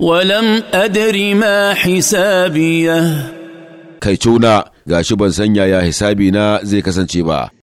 ولم أدر ما حسابيه kai cuna ga shi ban san yaya hisabi zai kasance ba